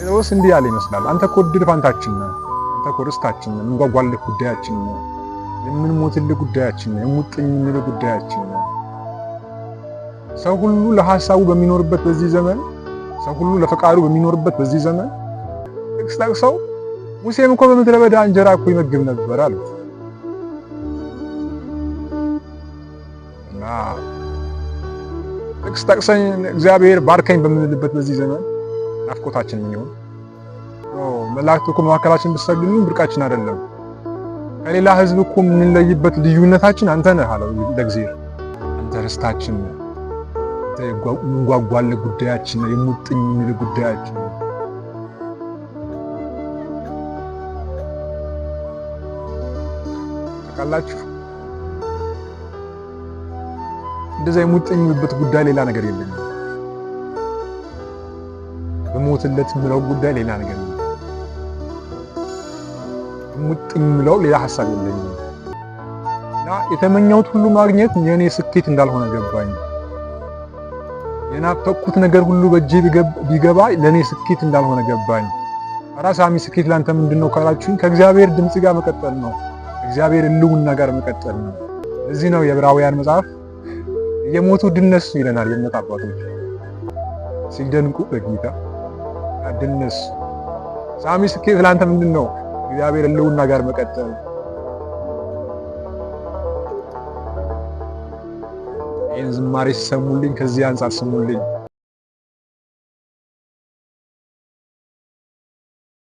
ጴጥሮስ እንዲህ ያለ ይመስላል። አንተ እኮ ዕድል ፋንታችን ነህ፣ አንተ እኮ ርስታችን ነህ፣ የምንጓጓልህ ጉዳያችን ነህ፣ የምንሞትልህ ጉዳያችን ነህ፣ የሙጥኝ የምንልህ ጉዳያችን ነህ። ሰው ሁሉ ለሐሳቡ በሚኖርበት በዚህ ዘመን፣ ሰው ሁሉ ለፈቃዱ በሚኖርበት በዚህ ዘመን ጥቅስ ጠቅሰው ሙሴም እኮ በምድረ በዳ እንጀራ እኮ ይመግብ ነበር አሉት እና ጥቅስ ጠቅሰኝ እግዚአብሔር ባርከኝ በምንልበት በዚህ ዘመን ናፍቆታችን ምን ይሆን? መላእክት እኮ መካከላችን ብትሰግዱልን ብርቃችን አይደለም። ከሌላ ህዝብ እኮ የምንለይበት ልዩነታችን አንተ ነህ አለው ለእግዚአብሔር። አንተ ርስታችን ነህ፣ የምንጓጓለ ጉዳያችን ነህ፣ የሙጥኝ የሚል ጉዳያችን ታውቃላችሁ። እንደዛ የሙጥኝበት ጉዳይ ሌላ ነገር የለም። በሞትለት የምለው ጉዳይ ሌላ ነገር ነው። ሙጥኝ የምለው ሌላ ሀሳብ የለኝም እና የተመኘሁት ሁሉ ማግኘት የእኔ ስኬት እንዳልሆነ ገባኝ። የናፈኩት ነገር ሁሉ በእጄ ቢገባ ለእኔ ስኬት እንዳልሆነ ገባኝ። ራሳሚ ስኬት ላንተ ምንድን ነው ካላችሁኝ ከእግዚአብሔር ድምፅ ጋር መቀጠል ነው። እግዚአብሔር ሕልውና ጋር መቀጠል ነው። እዚህ ነው የዕብራውያን መጽሐፍ የሞቱ ድነሱ ይለናል የእምነት አባቶች ሲደንቁ በጌታ አድነስ ሳሚ ስኬት ለአንተ ምንድን ነው? እግዚአብሔር ህልውና ጋር መቀጠል። ይህን ዝማሬ ሲሰሙልኝ ከዚህ አንጻር ስሙልኝ።